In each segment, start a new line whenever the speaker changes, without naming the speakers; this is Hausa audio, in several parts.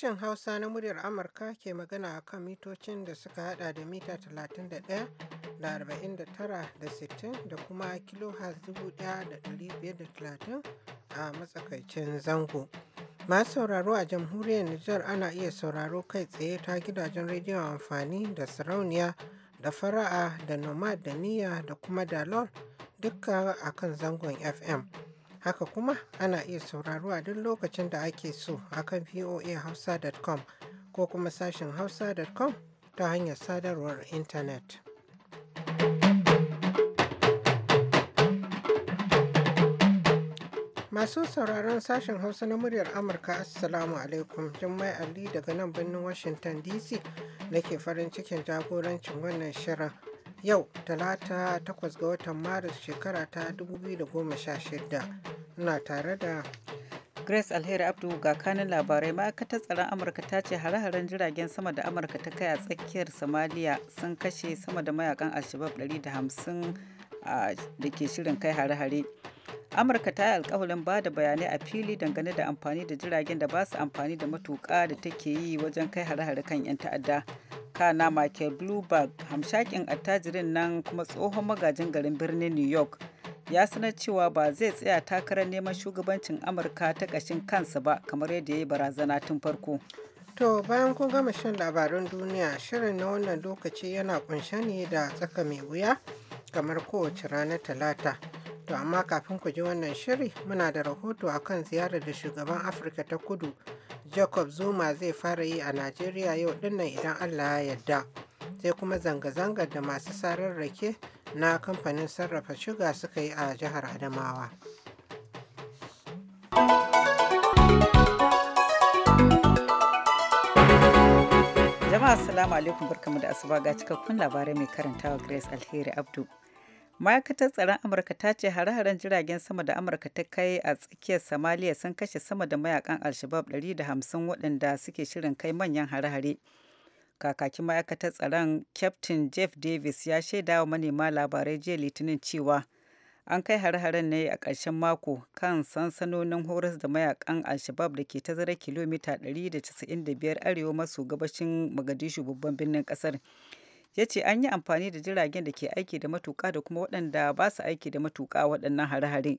Sashen Hausa na muryar Amurka ke magana a kan mitocin da suka hada da mita 31 da 49 da 60 da kuma kilohaz 1530 a matsakaicin zango. Masu sauraro a jamhuriyar Nijar ana iya sauraro kai tsaye ta gidajen rediyon amfani da sarauniya da fara'a da nomad da niyya da kuma dalol a kan zangon FM. Haka kuma ana iya sauraro a duk lokacin da ake so a kan voahausa.com ko kuma sashen hausa.com ta hanyar sadarwar intanet. Masu sauraron sashen Hausa na muryar Amurka Assalamu alaikum Jummai Ali daga nan birnin Washington DC nake farin cikin jagorancin wannan shirin. yau talata takwas ga
watan maris shekara ta 2016 ina tare da grace alheri abdu ga kanin labarai ma'aikatar tsaron amurka ta ce hare-haren jiragen sama da amurka ta kai a tsakiyar somalia sun kashe sama da mayakan alshabab 150 da ke shirin kai hare-hare amurka ta yi alkawarin ba da bayanai a fili dangane da amfani da jiragen da ba su amfani da matuka da take yi wajen kai hare-hare kan 'yan ta'adda kana michael bloomberg hamshakin attajirin nan kuma tsohon magajin garin birnin new york ya sanar cewa ba zai tsaya takarar neman shugabancin amurka ta ƙashin kansa ba kamar yadda ya yi barazana tun farko
to bayan kun gama shan labarun duniya shirin na wannan lokaci yana kunshe ne da tsaka mai wuya kamar kowace ranar talata To amma kafin ku ji wannan shiri muna da rahoto a kan ziyarar da shugaban Afirka ta kudu Jacob Zuma zai fara yi a Najeriya yau dinnan idan Allah ya yarda. Sai kuma zanga-zangar da masu sarar rake na kamfanin sarrafa shuga suka yi a jihar Adamawa.
Jama'a salamu alaikum barkamu da asuba ga cikakkun labarai mai karantawa Grace Alheri Abdu. ma'aikatar tsaron amurka ta ce hare-haren jiragen sama da amurka ta kai a tsakiyar samaliya sun kashe sama da mayakan alshabab 150 waɗanda suke shirin kai manyan hare-hare kakakin ma'aikatar tsaron captain jeff davis ya shaida wa manema labarai jiya litinin cewa an kai hare-haren ne a ƙarshen mako kan sansanonin horas da mayakan alshabab da ke tazara kilomita 195 arewa maso gabashin magadishu babban birnin ƙasar. ya ce an yi amfani da jiragen da ke aiki da matuka da kuma waɗanda ba su aiki da matuka waɗannan hare-hare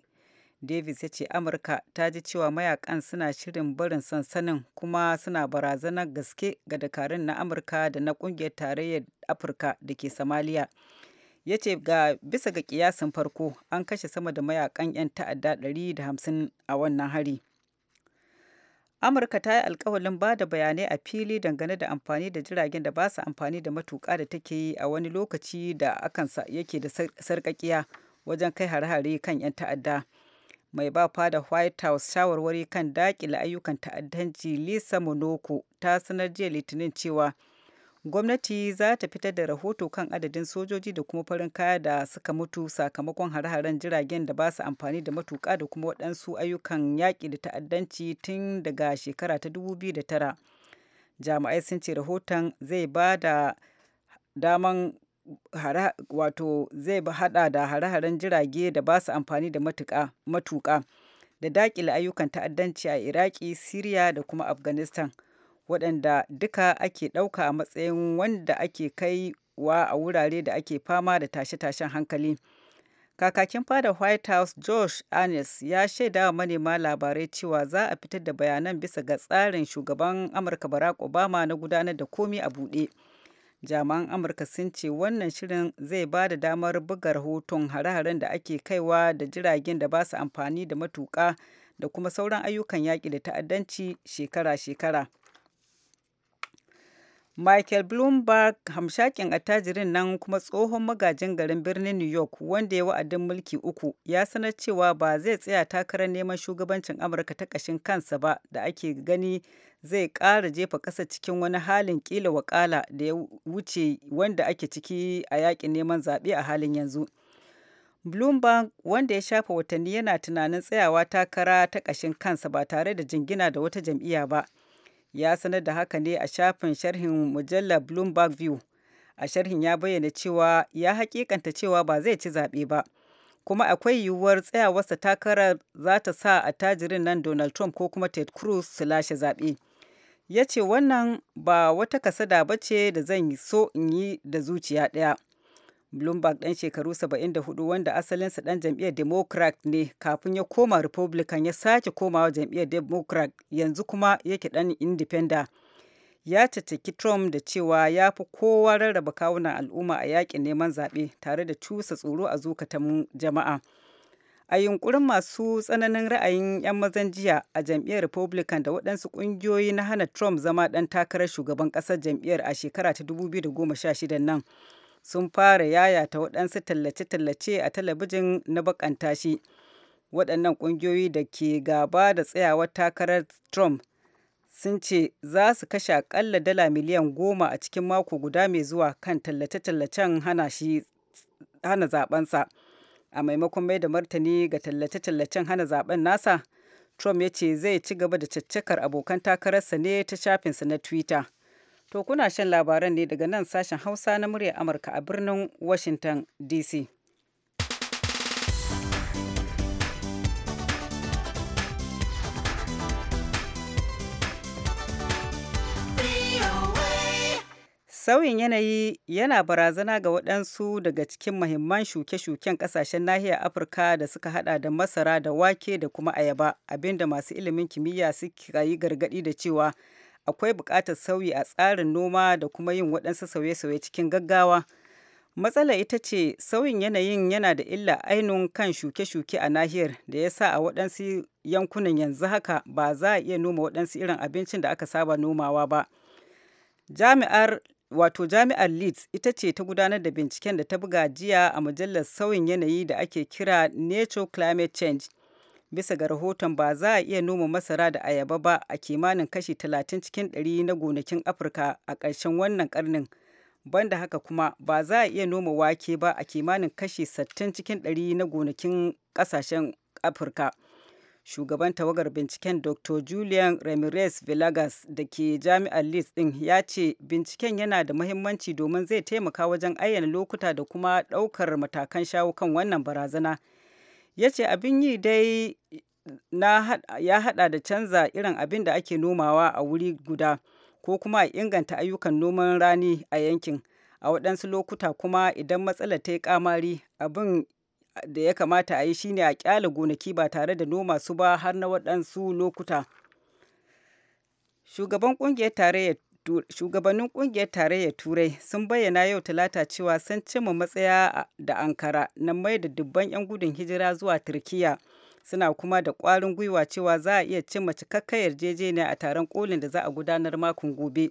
davis ya ce amurka ta ji cewa mayakan suna shirin barin sansanin kuma suna barazanar gaske ga dakarun na amurka da na ƙungiyar tarayyar afirka da ke samaliya ya ce ga bisa ga kiyasin farko an kashe sama da mayakan 'yan ta'adda 150 a wannan hari amurka ta yi alkawalin ba da bayanai a fili dangane da amfani da jiragen da ba su amfani da matuƙa da take yi a wani lokaci da akan sa yake da sarƙaƙiya wajen kai hare-hare kan 'yan ta'adda mai ba fada white house shawarwari kan daƙile ayyukan ta'addanci lisa monoko ta sanar jiya litinin cewa gwamnati za ta fitar da rahoto kan adadin sojoji da kuma farin kaya da suka mutu sakamakon hare-haren jiragen da ba su amfani da matuƙa da kuma waɗansu ayyukan yaƙi da ta'addanci tun daga shekara ta 2009 jami'ai sun ce rahoton zai ba da daman wato zai hada da hare-haren jirage da ba su amfani da matuƙa da daƙile ayyukan ta'addanci a iraki siriya da kuma afghanistan waɗanda duka ake ɗauka a matsayin wanda ake kai wa a wurare da ake fama da tashe-tashen hankali. Kakakin fada White House Josh Arnes ya shaida wa manema labarai cewa za a fitar da bayanan bisa ga tsarin shugaban Amurka Barack Obama na gudanar da komi a buɗe. Jami'an Amurka sun ce wannan shirin zai ba da damar buga rahoton hare-haren da ake kaiwa da jiragen da ba su amfani da matuƙa da kuma sauran ayyukan yaƙi da ta'addanci shekara-shekara. Michael Bloomberg hamshakin attajirin nan kuma tsohon magajin garin birnin New York wanda ya wa'adin mulki uku ya sanar cewa ba zai tsaya takarar neman shugabancin Amurka ta ƙashin kansa ba da ake gani zai ƙara jefa ƙasa cikin wani halin ƙila wakala da ya wuce wanda ake ciki a yaƙin neman zaɓe a halin yanzu. Bloomberg wanda ya shafa watanni yana tunanin tsayawa takara ta ƙashin kansa ba tare da jingina da wata jam'iyya ba. ya sanar da haka ne a shafin sharhin mujallar bloomberg view a sharhin ya bayyana cewa ya hakikanta cewa ba zai ci zaɓe ba kuma akwai yiwuwar tsayawarsa takarar za ta sa attajirin nan donald trump ko kuma ted cruz su lashe zaɓe ya ce wannan ba wata kasada ba ce da zan so in yi da zuciya ɗaya bloomberg ɗan shekaru 74 wanda asalinsa ɗan jam'iyyar democrat ne kafin ya koma republican ya sake komawa jam'iyyar democrat yanzu kuma yake ɗan independent ya caccaki trump da cewa ya fi kowa rarraba kawunan al'umma a yakin neman zaɓe tare da cusa tsoro a zukatan jama'a a yunkurin masu tsananin ra'ayin 'yan mazan jiya a jam'iyyar republican da waɗansu ƙungiyoyi na hana trump zama ɗan takarar shugaban ƙasar jam'iyyar a shekara ta 2016 nan sun fara yayata waɗansu tallace-tallace a talabijin na bakanta tashi waɗannan ƙungiyoyi da ke gaba da tsayawar takarar trump sun ce za su kashe aƙalla dala miliyan goma a cikin mako guda mai zuwa kan tallace-tallacen hana shi hana zabensa a maimakon mai da martani ga tallace-tallacen hana zaben nasa trump ya ce zai ci gaba da caccakar abokan takararsa ne ta shafinsa na twitter To kuna shan labaran ne daga nan sashen Hausa na muryar Amurka a birnin Washington DC. Sauyin yanayi yana barazana ga waɗansu daga cikin mahimman shuke-shuken ƙasashen nahiyar Afirka da suka haɗa da masara da wake da kuma ayaba, abinda masu ilimin kimiyya suka yi gargaɗi da cewa akwai buƙatar sauyi a tsarin noma da kuma yin waɗansu sauye-sauye cikin gaggawa. Matsala ita ce sauyin yanayin yana da illa ainun kan shuke-shuke a nahiyar da ya sa a waɗansu yankunan yanzu haka ba za a iya noma waɗansu irin abincin da aka saba nomawa ba. Jami'ar wato jami'ar Leeds ita ce ta gudanar da binciken da ta buga jiya a mujallar sauyin yanayi da ake kira Nature Climate Change. bisa ga rahoton ba za a iya noma masara da ayaba ba a kimanin kashi 30 cikin 100 na gonakin afirka a ƙarshen wannan karnin banda haka kuma ba za a iya noma wake ba a kimanin kashi 60 cikin 100 na gonakin ƙasashen afirka shugaban tawagar binciken dr julian ramirez villegas da ke jami'ar leeds din ya ce binciken yana da muhimmanci domin zai taimaka wajen ayyana lokuta da kuma ɗaukar matakan shawo kan wannan barazana ya ce abin yi dai ya hada da canza irin abin da ake nomawa a wuri guda ko kuma a inganta ayyukan noman rani a yankin a waɗansu lokuta kuma idan matsalar ta yi kamari abin da ya kamata a yi shine a kyale gonaki ba tare da noma su ba har na waɗansu lokuta shugaban ƙungiyar tarayyar shugabannin kungiyar tarayyar turai sun bayyana yau talata cewa sun cimma matsaya da ankara na mai da dubban 'yan gudun hijira zuwa turkiya suna kuma da kwarin gwiwa cewa za a iya cimma cikakkar yarjejeniya a taron kolin da za a gudanar makon gobe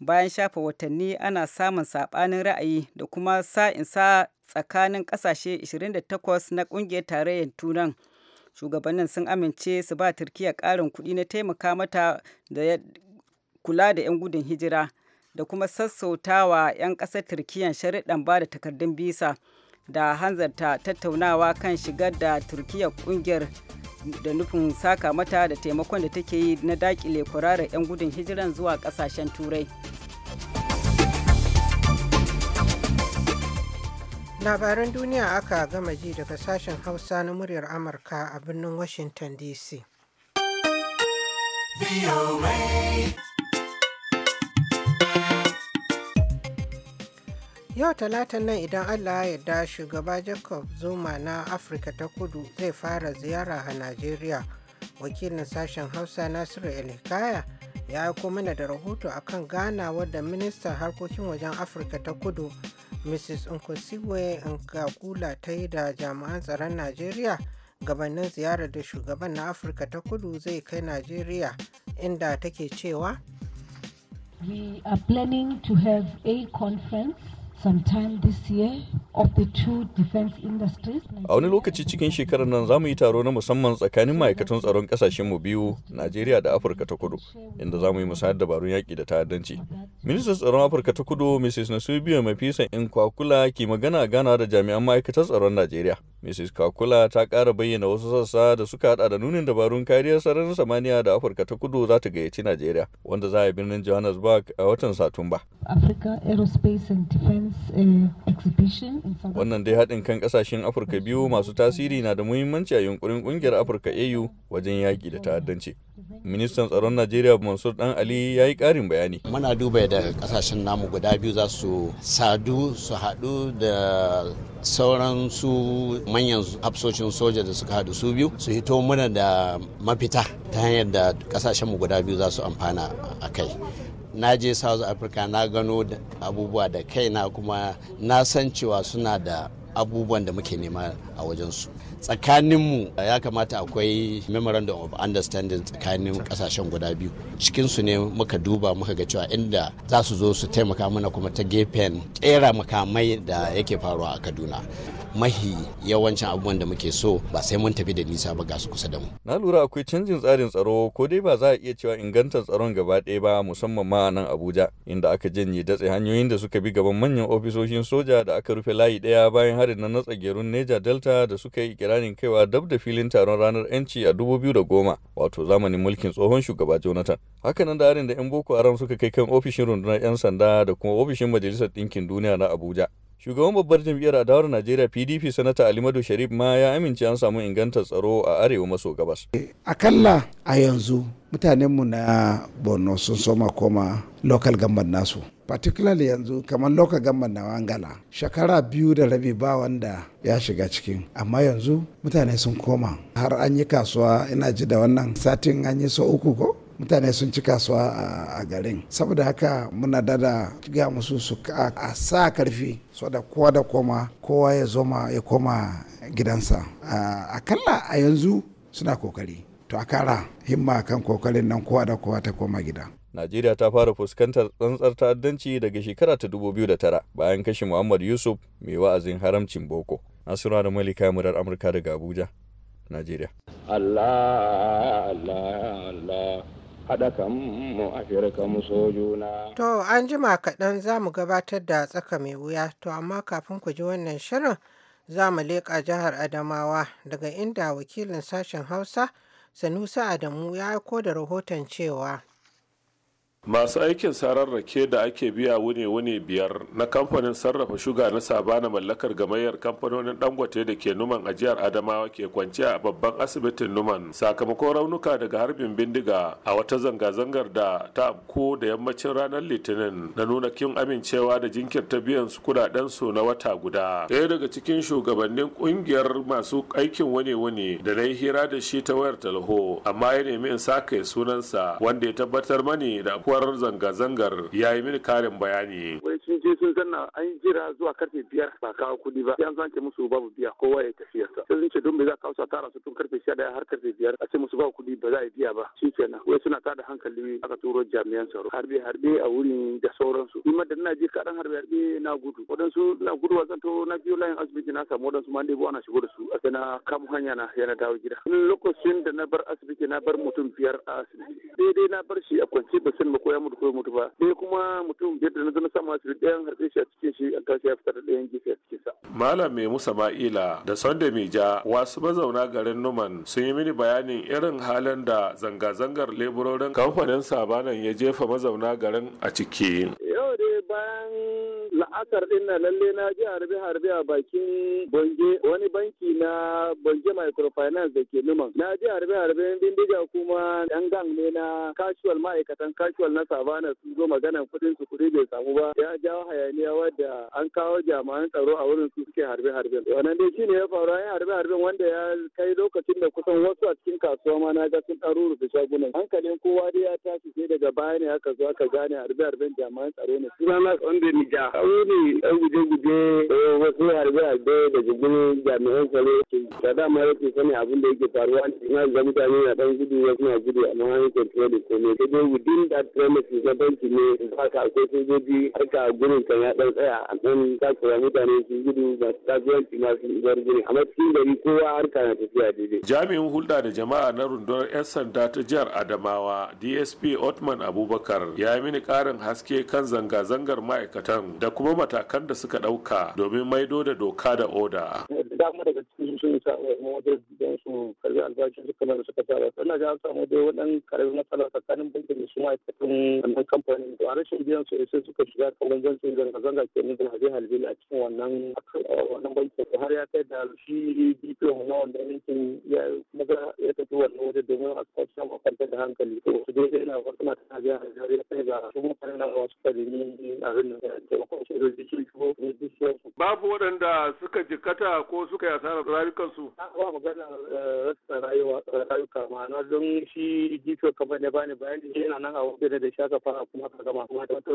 bayan shafa watanni ana samun saɓanin ra'ayi da kuma sa sa'insa tsakanin kasashe 28 na kungiyar tarayyar turan shugabannin sun amince su ba turkiya karin kuɗi na taimaka mata da kula da 'yan gudun hijira da kuma sassautawa 'yan ƙasar turkiyya sharuɗan ba da takardun bisa da hanzarta tattaunawa kan shigar da turkiyya ƙungiyar da nufin saka mata da taimakon da take yi na daƙile kwararar 'yan gudun hijiran zuwa ƙasashen turai
labaran duniya aka gama ji daga sashen hausa na muryar amurka a birnin washington dc Yau talata nan idan Allah ya yarda shugaba Jacob Zuma na Afirka ta kudu zai fara ziyara a Najeriya. Wakilin sashen Hausa Nasiru Elhikaya ya aiko mana da rahoto akan Ghana Wadda ministan harkokin wajen Afirka ta kudu Mrs. Nkosiwe Nkakula ta yi da jami'an tsaron Najeriya gabanin ziyarar da shugaban na Afirka ta kudu zai kai Najeriya inda take cewa.
We are planning to have a conference A
wani lokaci cikin shekarar nan za mu yi taro na musamman tsakanin ma'aikatan tsaron kasashen mu biyu, Najeriya da Afirka ta Kudu, inda za mu yi musayar dabarun yaƙi da ta'addanci. Ministan tsaron Afirka ta Kudu, Mrs. Nasubiya in kwakula ke magana gana da jami'an ma'aikatan tsaron Najeriya. Mrs. kwakula ta kara bayyana wasu sassa da suka hada da nunin dabarun kariyar sararin samaniya da Afirka ta Kudu za ta gayyaci Najeriya, wanda za a yi birnin Johannesburg a watan Satumba.
Africa Aerospace and Eh,
Wannan dai haɗin kan ƙasashen Afirka biyu masu tasiri na da muhimmanci a yunkurin ƙungiyar Afirka AU wajen yaƙi da ta'addanci. Ministan tsaron Najeriya Mansur Dan Ali ya yi ƙarin bayani. Muna duba da ƙasashen namu guda biyu za su sadu su haɗu da sauran su
manyan hafsoshin soja da suka haɗu su biyu su hito muna da mafita ta hanyar da mu guda biyu za su amfana a kai. na je south africa na gano abubuwa da kaina kuma na san cewa suna da abubuwan da muke nema a wajensu tsakaninmu ya kamata akwai memorandum of understanding tsakanin kasashen guda biyu cikinsu ne muka duba muka ga cewa inda za su zo su taimaka mana kuma ta gefen kera makamai da yake faruwa a kaduna mahi yawancin abubuwan da muke so ba sai mun tafi da nisa ba ga su kusa da mu.
Na lura akwai canjin tsarin tsaro ko dai ba za a iya cewa inganta tsaron gaba ɗaya ba musamman ma a nan Abuja inda aka janye datse hanyoyin da suka bi gaban manyan ofisoshin soja da aka rufe layi ɗaya bayan harin na natsa gerun Neja Delta da suka yi kiranin kaiwa dab da filin taron ranar 'yanci a da goma wato zamanin mulkin tsohon shugaba Jonathan. Hakanan da harin da 'yan Boko Haram suka kai kan ofishin rundunar 'yan sanda da kuma ofishin Majalisar Ɗinkin Duniya na Abuja. Shugaban babbar jam'iyyar adawar Najeriya PDP Sanata Alimadu Sharif ma ya amince an samu ingantar tsaro a arewa maso gabas.
Akalla a yanzu mutanenmu na Borno sun soma koma local gamban nasu.
Particularly
yanzu kamar local gamban na Wangala shekara biyu da rabi ba wanda ya shiga cikin amma yanzu mutane sun koma har an yi kasuwa ina ji da wannan satin an yi so uku ko mutane sun ci kasuwa a garin saboda haka muna dada ga musu su a sa karfi so da kowa da koma kowa ya zoma ya koma gidansa kalla a yanzu suna kokari to a kara himma kan kokarin nan kowa da kowa ta koma gida
Najeriya ta fara fuskantar tsantsar ta'addanci daga shekara ta 2009 bayan kashe Muhammad Yusuf mai wa'azin haramcin Boko. nasiru da Malika Murar Amurka daga Abuja, Najeriya.
Allah, Allah, Allah. haɗa kan mu afirka mu sojuna.
To an jima kaɗan za mu gabatar da tsaka mai wuya to amma kafin ku ji wannan shirin za mu leƙa jihar Adamawa daga inda wakilin sashen Hausa Sanusa Adamu ya aiko da rahoton cewa.
masu aikin sararrake rake da ake biya wune-wune biyar na kamfanin sarrafa shuga na sabana mallakar gamayyar kamfanonin dangote da ke numan ajiyar adamawa ke kwanciya a babban asibitin numan sakamakon raunuka daga harbin bindiga a wata zanga-zangar da ta abko da yammacin ranar litinin na nuna kin amincewa da jinkirta biyan su kudaden su na wata guda Daya daga cikin shugabannin kungiyar masu aikin wune-wune da na hira da shi ta wayar talho amma ya nemi in sa sunansa wanda ya tabbatar mani da aukuwar zanga-zangar ya yi mini karin bayani
sai sun zanna an jira zuwa karfe biyar ba kawo kuɗi ba sai an zance musu babu biya kowa ya tafiya sa sai sun ce don me za ka sa tara su tun karfe sha daya har karfe biyar a ce musu babu kuɗi ba za a biya ba shi kenan wai suna tada hankali aka turo jami'an tsaro harbe harbe a wurin da sauransu ni ma da na je kaɗan harbe harbe na gudu waɗansu na gudu wa zanto na biyo layin asibiti na samu waɗansu ma bu ana shigo da su a na kamu hanya na yana dawo gida lokacin da na bar asibiti na bar mutum biyar a asibiti daidai na bar shi a kwance ba san ba ko ya mutu ko ya mutu ba sai kuma mutum biyar da na zo na samu asibiti ɗaya an haɗe shi a cikin shi an kashe ya da ɗayan gefe a cikin sa.
Malam Musa Sama'ila da Sonda Mija wasu mazauna garin Numan sun yi mini bayanin irin halin da zanga-zangar leburorin kamfanin Sabanan ya jefa mazauna garin a ciki. Yau dai
bayan la'akar din na lalle na ji harbe harbe a bakin bonge wani banki na bonge microfinance da ke numan na ji harbe harbe bindiga kuma yan gang ne na casual ma'aikatan casual na savannah sun zo maganan kudin su kudi bai samu ba ya jawo hayaniya wadda an kawo jami'an tsaro a wurin su suke harbe harbe wannan dai shine ya faru an harbe harbe wanda ya kai lokacin da kusan wasu a cikin kasuwa ma na ga sun ɗaro rufe shagunan hankalin kowa dai ya tashi sai daga baya ne aka zo aka gane harbe harben jami'an tsaro ne tsaro ne ɗan guje-guje eh, wasu harbe-harbe da jirgin jami'an tsaro da dama yake sani abin da yake faruwa na ga mutane na dan gudu wasu na gudu amma hanyar kontrol ko ne ta dai within that premises na banki ne ba ka akwai sojoji har ka gurin kan ya dan tsaya a ta kura mutane su gudu masu kasuwanci masu igwar gurin amma
cikin gari kowa har ka na tafiya daidai. jami'in hulɗa da jama'a na rundunar 'yan sanda ta jihar adamawa dsp otman abubakar ya yi mini ƙarin haske kan zanga-zangar ma'aikatan da kuma matakan da suka ɗauka domin maido da doka da oda.
sun sun sa wajen don su karbi albashin su kamar suka saba to ina ga an samu dai wadan karbi matsala tsakanin bankin da su ma ma'aikatan wannan kamfani to a rashin biyan su sai suka shiga kamar zan sun zanga zanga ke nufin a zai halbi a cikin wannan wannan bankin har ya kai da shi bidiyon na wannan yankin ya maza ya tafi wannan wajen domin a kwashe a kwantar da hankali to su dai ina wasu mata na biya har ya kai ga su mutane na wasu karimi a rinna rinnin taimakon shi da jikin shi ko
babu waɗanda suka jikata ko suka yasa da rayukansu.
Na kuma magana eh, rasa rayuka ma'ana don shi gifiyo kamar ne bani bayani yana nan a wajen da shi aka fara kuma aka gama kuma da wata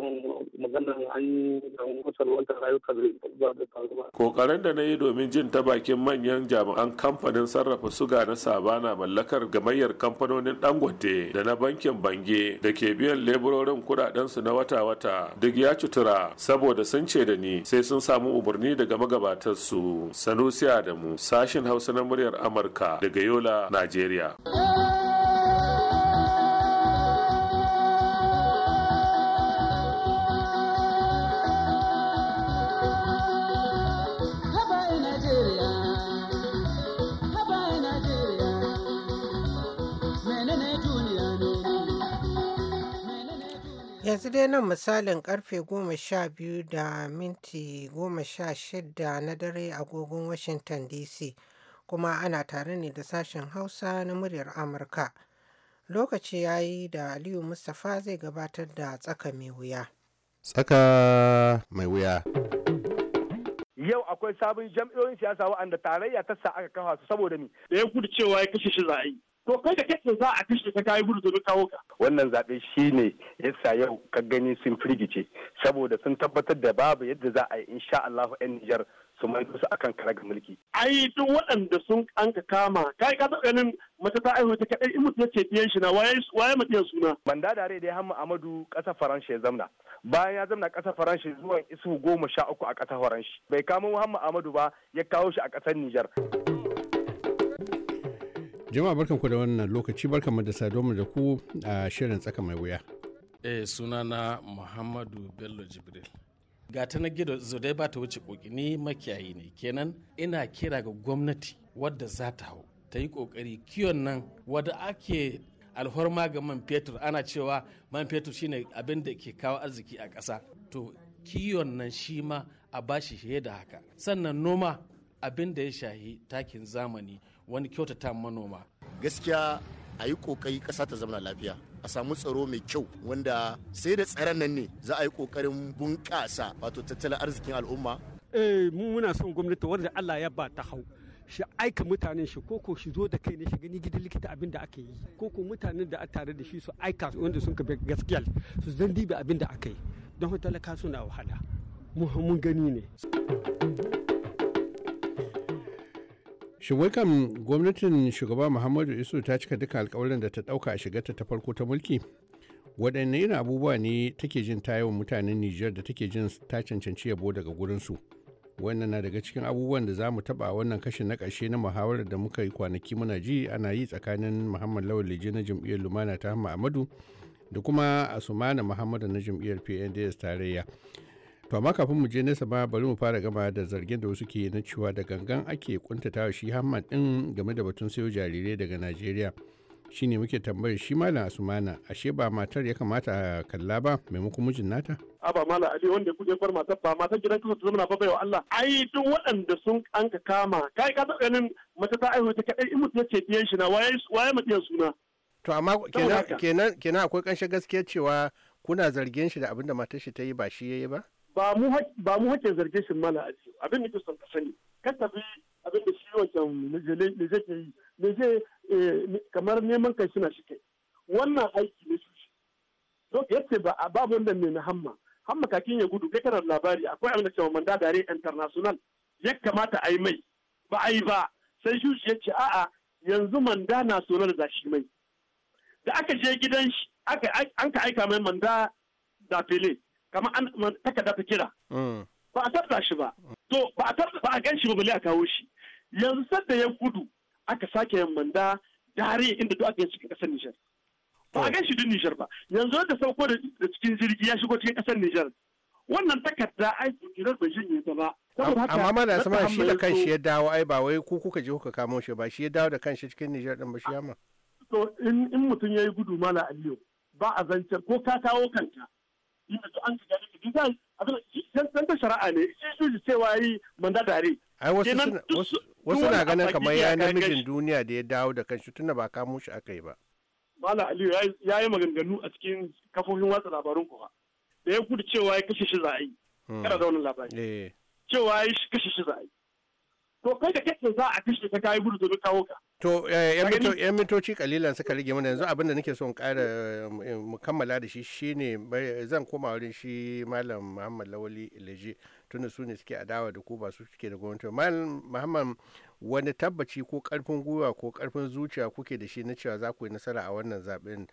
magana an samu salwantar rayuka ba da faruwa.
Kokarin da na yi domin jin ta bakin manyan jami'an kamfanin sarrafa suga na sabana mallakar gamayyar kamfanonin dangote da na bankin bange da ke biyan leburorin kudadensu na wata-wata duk ya cutura saboda sun ce da ni sai sun samu umarni daga magabatarsu sanusiya da musa sashen Hausa na muryar Amurka daga Yola, Najeriya.
yanzu dai nan misalin karfe goma da minti goma na dare agogon Washington DC kuma ana tare ne da sashen Hausa na muryar Amurka. Lokaci ya yi da Aliyu Mustapha zai gabatar da tsaka mai wuya.
Tsaka mai wuya.
yau akwai sabon jam'iyyoyin siyasa waɗanda tarayya ta sa aka kafa su saboda ni da ya kudu cewa ya kashe shi za yi to kai da kake za a kashe ka kayi gudu domin kawo ka. Wannan zaɓe shi ne yasa yau ka gani sun firgice saboda sun tabbatar da babu yadda za a yi insha Allah 'yan Nijar su mai su akan karaga mulki.
Ai duk waɗanda sun an ka kama kai ka taɓa nan mace ta aihu ta kaɗai in mutum ya ce biyan shi na waye
waye suna. Banda da rai dai Hamma Amadu ƙasa Faransa ya zamna. Bayan ya zamna ƙasa Faransa zuwa isu goma sha uku a ƙasa Faransa. Bai kamo Muhammad Amadu ba ya kawo shi a ƙasar Nijar.
Jama'a barkanku da wannan lokaci barkanmu da sadomu da ku a shirin tsaka mai wuya.
Eh sunana Muhammadu Bello Jibril.
ga ta na gido zodai ba ta wuce koki makiyayi ne kenan ina kira ga gwamnati wadda za ta hau ta yi kokari kiyon nan wadda ake alhorma ga man fetur ana cewa man fetur shine abin da ke kawo arziki a ƙasa to kiyon nan shi ma a bashi shi da haka sannan noma abin da ya shahi takin zamani wani kyautata manoma gaskiya a yi kokari ƙasa ta zama
lafiya a samu tsaro mai kyau wanda sai da tsaron nan ne za a yi kokarin bunƙasa wato tattalin arzikin al'umma eh mun muna son gwamnati wanda Allah ya ba ta hau shi aika mutanen shi koko shi zo da kai ne shi gani gidan likita abin da aka yi koko mutanen da a tare da shi su aika wanda sun kabe gaskiya su zan dibe abin da aka yi don talaka suna wahala mun gani ne
shin wai gwamnatin shugaba muhammadu isu ta cika duka alkawarin da ta dauka a shigarta ta farko ta mulki waɗanne irin abubuwa ne take jin tayawan mutanen nijar da take jin ta cancanci yabo daga gurinsu wannan na daga cikin abubuwan da za mu taɓa wannan kashe na ƙarshe na muhawarar da muka yi kwanaki muna ji ana yi tsakanin muhammad lawal leje na jam'iyyar lumana ta hamma amadu da kuma asumana muhammadu na jam'iyyar pnds tarayya To amma kafin mu je nesa ma bari mu fara gama da zargin da wasu ke na cewa da gangan ake kuntatawa shi Hamman din game da batun sayo jarirai daga Najeriya. shine muke tambayar shi malam asumana ashe ba matar ya kamata kalla ba maimakon mijin nata
a ba malam ali wanda kuje far matar ba matar gidan kasa ta zama ba wa Allah ai duk waɗanda sun an ka kama kai ka taɓa ganin mace ta aihu ta kadai in mutum ce biyan shi na waye waye mutum suna to amma kenan
kenan kenan akwai kanshin gaskiya cewa kuna zargin shi da abinda matar shi ta yi ba shi yayi ba
ba mu hakin zarge shi mala a ce abin da son ka sani ka abin da shi wancan ne zai ke yi ne zai eh, kamar neman kai suna shi kai wannan aiki ne su shi to yace ba a babu wannan ne na hamma hamma kakin ya gudu kai kana labari akwai abin da cewa manda dare international ya kamata a yi mai ba a yi ba sai shi ya ce a'a yanzu manda na sonar da shi mai da aka je gidan shi an ka aika mai manda da pele kamar an takarda ta kira mm. ba a tarda shi ba to ba a tarda ba a gan shi ba bale a kawo shi yanzu sadda ya gudu aka sake yin manda dare inda duk aka yi cikin kasar Nijar ba a oh. gan shi duk Nijar ba yanzu da sauko da cikin jirgi ya shigo cikin kasar Nijar wannan takarda ai jirar bai janye ta ba amma da sama shi da shi ya
dawo ai ba wai ku kuka je kuka kamo shi ba shi ya dawo da kanshi cikin Nijar din ba shi yamma
to in mutum ya yi gudu mala aliyu ba a zancen ko ka kawo kanka an shiga da shi zai dan da shari'a ne shi shi cewa yi manda ai wasu na ganin kamar ya namijin
duniya da ya dawo da kanshi tunda ba kamo shi aka yi ba
Malam Aliyu ya yi maganganu a cikin kafofin watsa labarun kuma da ya gudu cewa ya kashe shi za'a yi hmm. kada da wani labari eh. cewa ya kashe shi za'a yi to kai da kake za a kashe ka kayi gudu domin kawo ka
To, eh, ‘yan mitoci kalilan suka rage mana yanzu abinda nake son kara mukammala eh, da shi shine zan koma wurin shi Malam Muhammad Lawali Ileji tunda su ne suke adawa da ku ba su suke da gwamnati. Malam Muhammad wani tabbaci ko karfin gwiwa ko karfin zuciya kuke da shi na cewa za ku yi nasara a wannan zaben.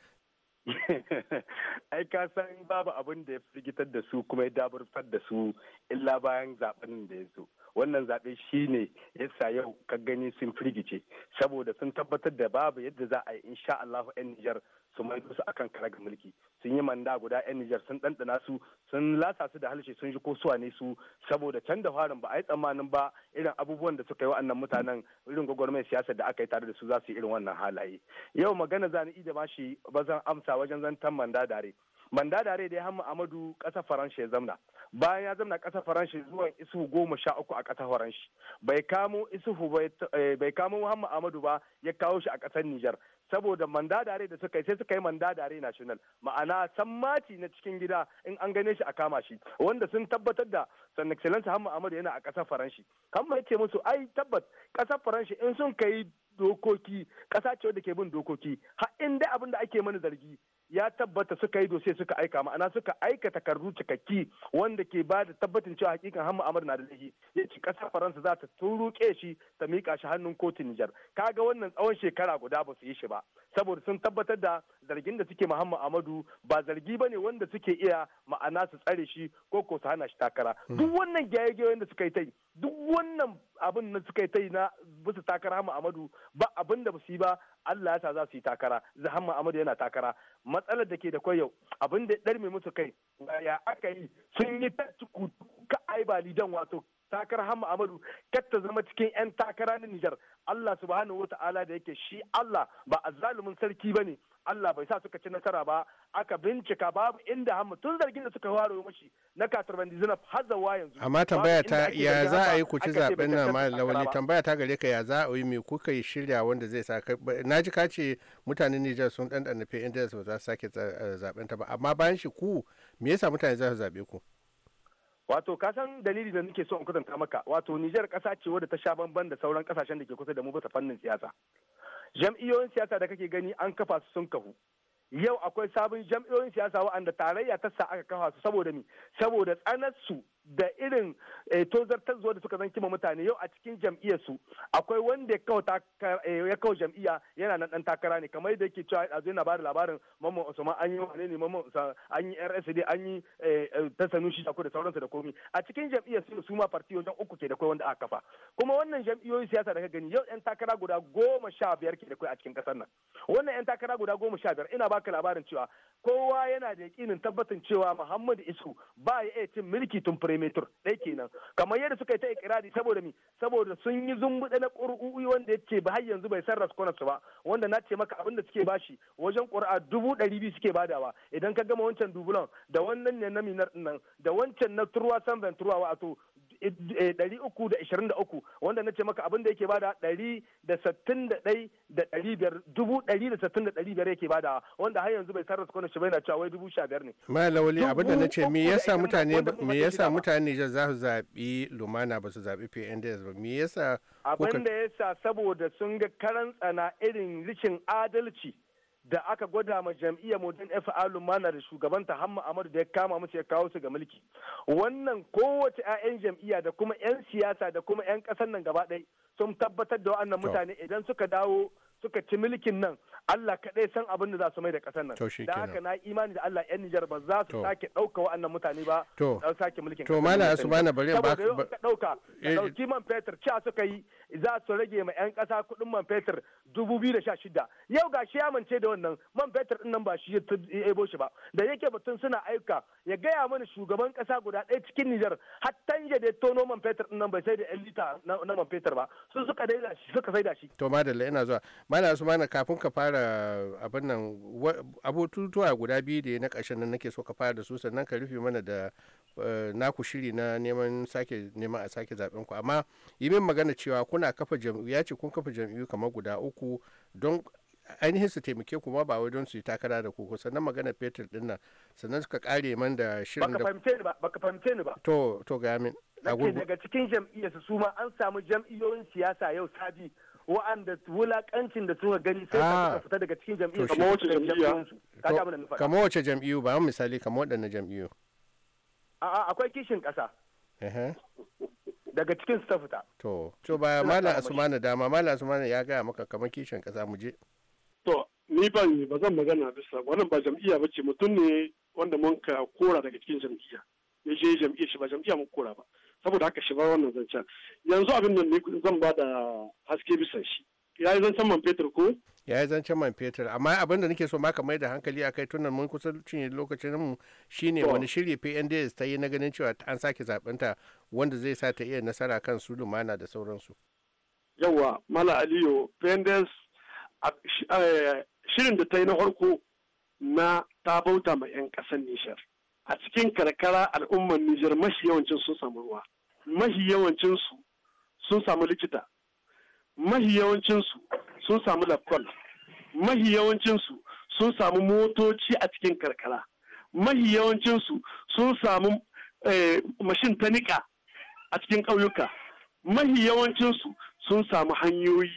ai ka san babu abin da ya firgitar da su kuma ya dabarfar da su illa bayan zaben da ya zo wannan zaɓe shi ne ya sa yau ka gani sun firgice saboda sun tabbatar da babu yadda za a yi insha Allah 'yan Nijar su mai su akan karaga mulki sun yi manda guda yan Nijar sun ɗanɗana su sun lasa su da halshe sun ji ko suwa ne su saboda can da farin ba a yi tsammanin ba irin abubuwan da suka yi wa'annan mutanen irin gwagwarmaya siyasar da aka yi tare da su za su yi irin wannan halaye yau magana ni ida ma shi bazan amsa wajen zantan manda dare manda dare da ya hamma amadu ƙasar faransa ya zamna bayan ya zamna ƙasar faransa zuwa isuhu goma sha uku a ƙasar faransa bai kamo isuhu eh, bai kamo amadu ba ya kawo shi a ƙasar nijar saboda manda dare da suka yi sai suka yi manda dare national ma'ana sammati na cikin gida in an gane shi a kama shi wanda sun tabbatar da san excellence hamma amadu yana a ƙasar faransa hamma ya ce musu ai tabbas ƙasar faransa in sun kai dokoki ƙasa ce wadda ke bin dokoki har in dai abin da ake mana zargi ya tabbata suka yi dosiye suka aika ma'ana suka aika takardu cikakki wanda ke ba da tabbatin cewa hakikan hamma amur na da laifi ya ci kasar faransa za ta turuke shi ta miƙa shi hannun kotun nijar kaga wannan tsawon shekara guda ba su yi shi ba saboda sun tabbatar da zargin da suke muhammad amadu ba zargi ba ne wanda suke iya ma'ana su tsare shi ko ko su hana shi takara hmm. duk wannan gyaye-gyayen da suka yi ta wannan abin na suka yi ta yi na bisa takara Hama Amadu ba abin da ba yi ba Allah ya sa za su yi takara Hama Amadu yana takara matsalar da ke da kwai yau abin da ɗarme musu kai ya aka yi sun yi ta ka ai ba wato takar hama Amadu kar ta zama cikin 'yan takara na Nijar Allah subhanahu wa ta'ala da yake shi Allah ba a azzalumin sarki ba ne Allah bai sa suka ci nasara ba aka bincika babu inda hamu tun zargin da suka waro mashi na katarban dizina har zawa yanzu amma tambaya ta ya za a yi ku ci zaben nan ma lawali tambaya
ta gare ka ya za a yi me kuka yi shirya wanda zai sa naji ka ce mutanen Nijar sun dan dan inda ba za su sake zaben eh, ta ba amma bayan shi ku me yasa mutane za su zabe ku
wato ka san dalili da nake so in kwatanta maka wato Nijar kasa ce wadda ta sha bamban da sauran kasashen da ke kusa da mu ta fannin siyasa jam'iyyoyin siyasa da kake gani an kafa su sun kahu yau akwai sabon jam'iyyoyin siyasa waɗanda tarayya ta sa aka kafa su saboda mi saboda tsanar su da irin eh, tozartar zuwa da suka zanki ma mutane yau a cikin jam'iyyarsu akwai wanda eh, ya kawo jam'iyya yana nan dan takara ne kamar yadda yake cewa azu yana bada labarin mamman usman an yi wane ne mamman an yi rsd an yi eh, ta sanu da da sauransa da komi a cikin jam'iyyar su su ma parti wajen uku ke da kai wanda aka kafa kuma wannan jam'iyyoyin siyasa da ka gani yau yan takara guda goma sha biyar ke da kai a cikin kasar nan wannan yan takara guda goma sha biyar ina baka labarin cewa kowa yana da yakinin tabbatin cewa muhammadu isu ba ya iya cin mulki tun perimeter ɗaya kenan kamar yadda suka yi ta ikirari saboda mi saboda sun yi zumbuɗe na ƙuri'u'i wanda yace ba har yanzu bai sarra su ba wanda na ce maka abin da suke bashi wajen ƙuri'a dubu ɗari biyu suke badawa idan ka gama wancan dubulan da wannan ne na minar nan da wancan na turwa san ventura wato Eh, ɗari uku da ishirin da uku wanda na ce maka abin da yake bada ɗari da da ɗai da ɗari biyar dubu ɗari da da ɗari biyar yake bada wanda har yanzu bai sarrafa kwanan shi bai na cewa wai dubu biyar ne.
Malam lawali abin da na ce me yasa mutane mutane ne za su zaɓi Lumana ba su zaɓi PNDS ba me yasa. Abin da ya
sa saboda sun ga karan tsana irin rikin adalci. da aka gwada ma jam'iyyar modern fa'alu mana da shugabanta hamma amadu da ya kama musu ya kawo su ga mulki wannan kowace 'ya'yan jam'iyya da kuma 'yan siyasa da kuma 'yan ƙasar nan gaba ɗaya sun tabbatar da wa'annan mutane idan suka dawo suka ci milkin nan Allah kaɗai san abin da za su mai da ƙasar nan. Da haka na imani da Allah 'yan Nijar ba za su sake ɗauka wa'annan mutane ba za su sake mulkin To mana su bana bari ba ka ɗauka. Eh, ɗauki man fetur cewa suka yi za su rage ma 'yan ƙasa kuɗin man fetur dubu biyu da Yau ga shi ya mance da wannan man fetur ɗin nan ba shi ya ebo shi ba. Da yake batun suna aika ya gaya mana shugaban ƙasa guda ɗaya cikin Nijar har tanje da tono man fetur ɗin nan bai sai da 'yan lita na man fetur ba. Sun suka daida shi suka sai da shi.
To madalla ina zuwa. mana su mana kafin ka fara abin nan abotutuwa guda biyu da na ƙarshen nan nake so ka fara da su sannan ka rufe mana da eh, naku shiri na neman sake neman a sake zaben ku amma yi min magana cewa kuna kafa jam'iyyu ya ce kun kafa jam'iyyu kamar guda uku don ainihin su taimake kuma ba wai don su yi takara da ku sannan magana fetur din nan sannan suka kare man da shirin da
baka fahimce ni ba
to to ga min daga
cikin jam'iyyarsu su ma an samu jam'iyyoyin siyasa yau sabi wa'anda wulakancin da suka gani sai ka ah. fita daga cikin jam'iyyar kamar wace jam'iyyar kamar
wace jam'iyyu ba misali kamar waɗannan jam'iyyu
a'a akwai kishin ƙasa daga cikin su ta fita
to to ba malam asumana dama malam asumana ya gaya maka kamar kishin ƙasa mu je
to ni ban ba zan magana bisa wannan ba jam'iyya ba ce mutum ne wanda mun ka kora daga cikin jam'iyya ne je jam'iyya shi ba jam'iyya mun kora ba saboda haka shi ba wannan zancen yanzu abin da zan ba da haske bisa shi ya yi zancen man fetur ko
ya yi zancen man fetur amma abin da nake so ma ka mai da hankali a kai tunan mun kusa cinye lokacin mu shine wani shirye pnds ta yi na ganin cewa an sake ta wanda zai sa ta iya nasara kan su lumana da sauransu
yawa mala aliyu pnds eh, shirin da ta yi na farko na ta bauta ma 'yan kasan nishar a cikin karkara al'ummar Nijar mashi yawancin sun samu ruwa mashi yawancin su sun samu likita mashi yawancin su sun samu lafkwal mashi yawancin su sun samu motoci a cikin karkara mashi yawancin su sun samu eh, mashin ta nika a cikin ƙauyuka mashi yawancin su sun samu hanyoyi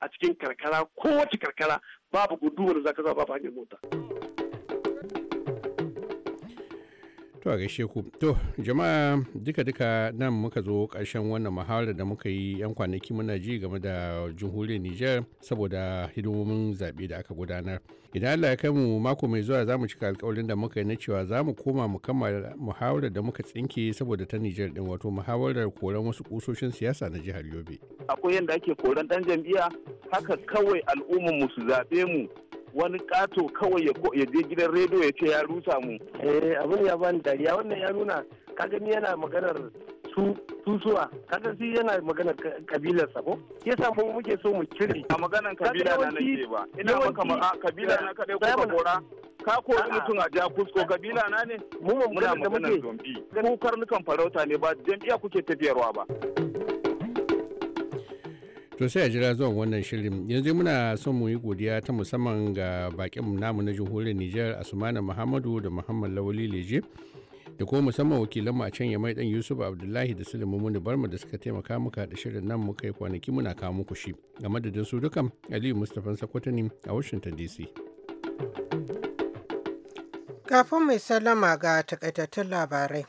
a cikin karkara ko kowace karkara babu guduwar zaka babu hanyar mota.
To a gaishe ku. To jama'a duka-duka nan muka zo karshen wannan muhawarar da muka yi 'yan kwanaki muna ji game da jamhuriyar Nijar saboda hidimomin zaɓe da aka gudanar. Idan Allah ya kai mu mako mai zuwa za mu cika alƙawarin da muka yi na cewa za mu koma mu kammala muhawarar da muka tsinke saboda ta Nijar din wato muhawarar koran wasu kusoshin siyasa na jihar Yobe.
Akwai yanda ake koran ɗan jam'iyya haka kawai al'ummar mu su zaɓe mu wani kato kawai ya je gidan rediyo ya ce ya rusa mu eh abin ya bani dariya wannan ya nuna ka ni yana maganar su tusuwa kaga shi yana maganar kabilar sa ko Ya mu muke so mu cire a maganar kabila na nake ba ina maka a kabila na kadai ko gora ka kori mutum a ja kusko kabila na ne mu mun da muke mu karnukan farauta ne ba jami'a kuke tafiyarwa ba
to sai a jira zuwan wannan shirin yanzu muna son mu yi godiya ta musamman ga bakin namu na jihohin Nijar Asmana Muhammadu da Muhammad Lawali Leje da kuma musamman wakilan mu a can ya mai dan Yusuf Abdullahi da Sulaiman Muni Barma da suka taimaka muka da shirin nan muka yi kwanaki muna kawo muku shi a madadin su dukan Aliyu Mustapha Sakwatani a Washington DC
kafin mai sallama ga takaitattun labarai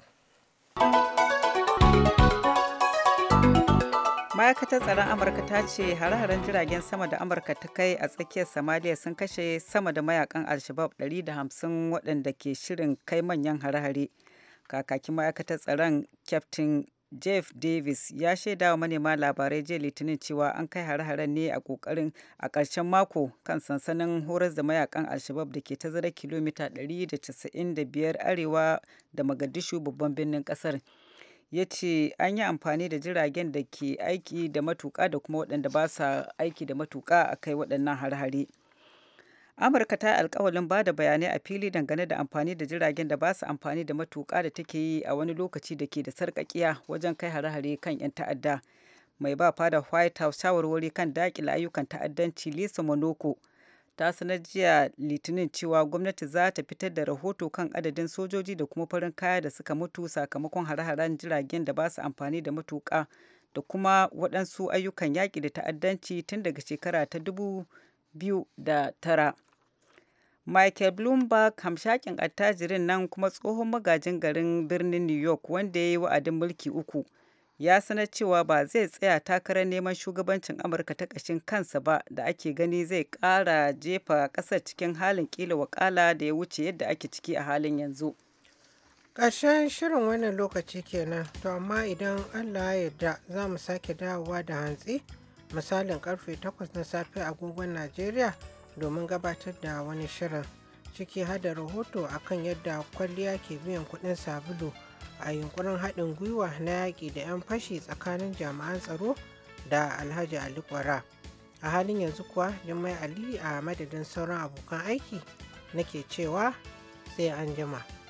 ma'aikatar tsaron amurka ta ce hare-haren jiragen sama da amurka ta kai a tsakiyar somalia sun kashe sama da mayakan alshabab 150 waɗanda ke shirin kai manyan hare-hare kakakin ma'aikatar tsaron captain jeff davis ya shaida wa manema labarai jiya litinin cewa an kai hare-haren ne a kokarin a ƙarshen mako kan sansanin horas da mayakan alshabab da ke tazara kilomita 195 arewa da magadishu babban birnin ƙasar. ya ce an yi amfani da jiragen da ke aiki da matuƙa da kuma waɗanda ba sa aiki da matuƙa a kai waɗannan har-hare. amurka ta yi alkawalin ba da bayanai a fili dangane da amfani da jiragen da ba su amfani da matuƙa da take yi a wani lokaci da ke da sarƙaƙiya wajen kai hare-hare kan 'yan ta'adda mai ba fada white house shawarwari kan daƙila ayyukan ta'addanci lisa monoko ta sanar jiya litinin cewa gwamnati za ta fitar da rahoto kan adadin sojoji da kuma farin kaya da suka mutu sakamakon hare-haren jiragen da ba su amfani da matuƙa da kuma waɗansu ayyukan yaƙi da ta'addanci tun daga shekara ta dubu biyu da tara Michael Bloomberg hamshakin attajirin nan kuma tsohon magajin garin birnin New York wanda ya yi wa'adin mulki uku ya sanar cewa ba zai tsaya takarar neman shugabancin amurka ta ƙashin kansa ba da ake gani zai ƙara jefa ƙasar cikin halin ƙila wakala da ya wuce yadda ake ciki a halin yanzu
ƙarshen shirin wannan lokaci kenan to amma idan allah ya yarda za mu sake dawowa da hantsi misalin karfe 8 na safe agogon najeriya domin gabatar da wani shirin ciki hada rahoto akan yadda kwalliya ke biyan kuɗin sabulu a yunkurin haɗin gwiwa na yaƙi da 'yan fashi tsakanin jami'an tsaro da alhaji ali kwara a halin yanzu kuwa jimai ali a madadin sauran abokan aiki nake cewa sai an jima.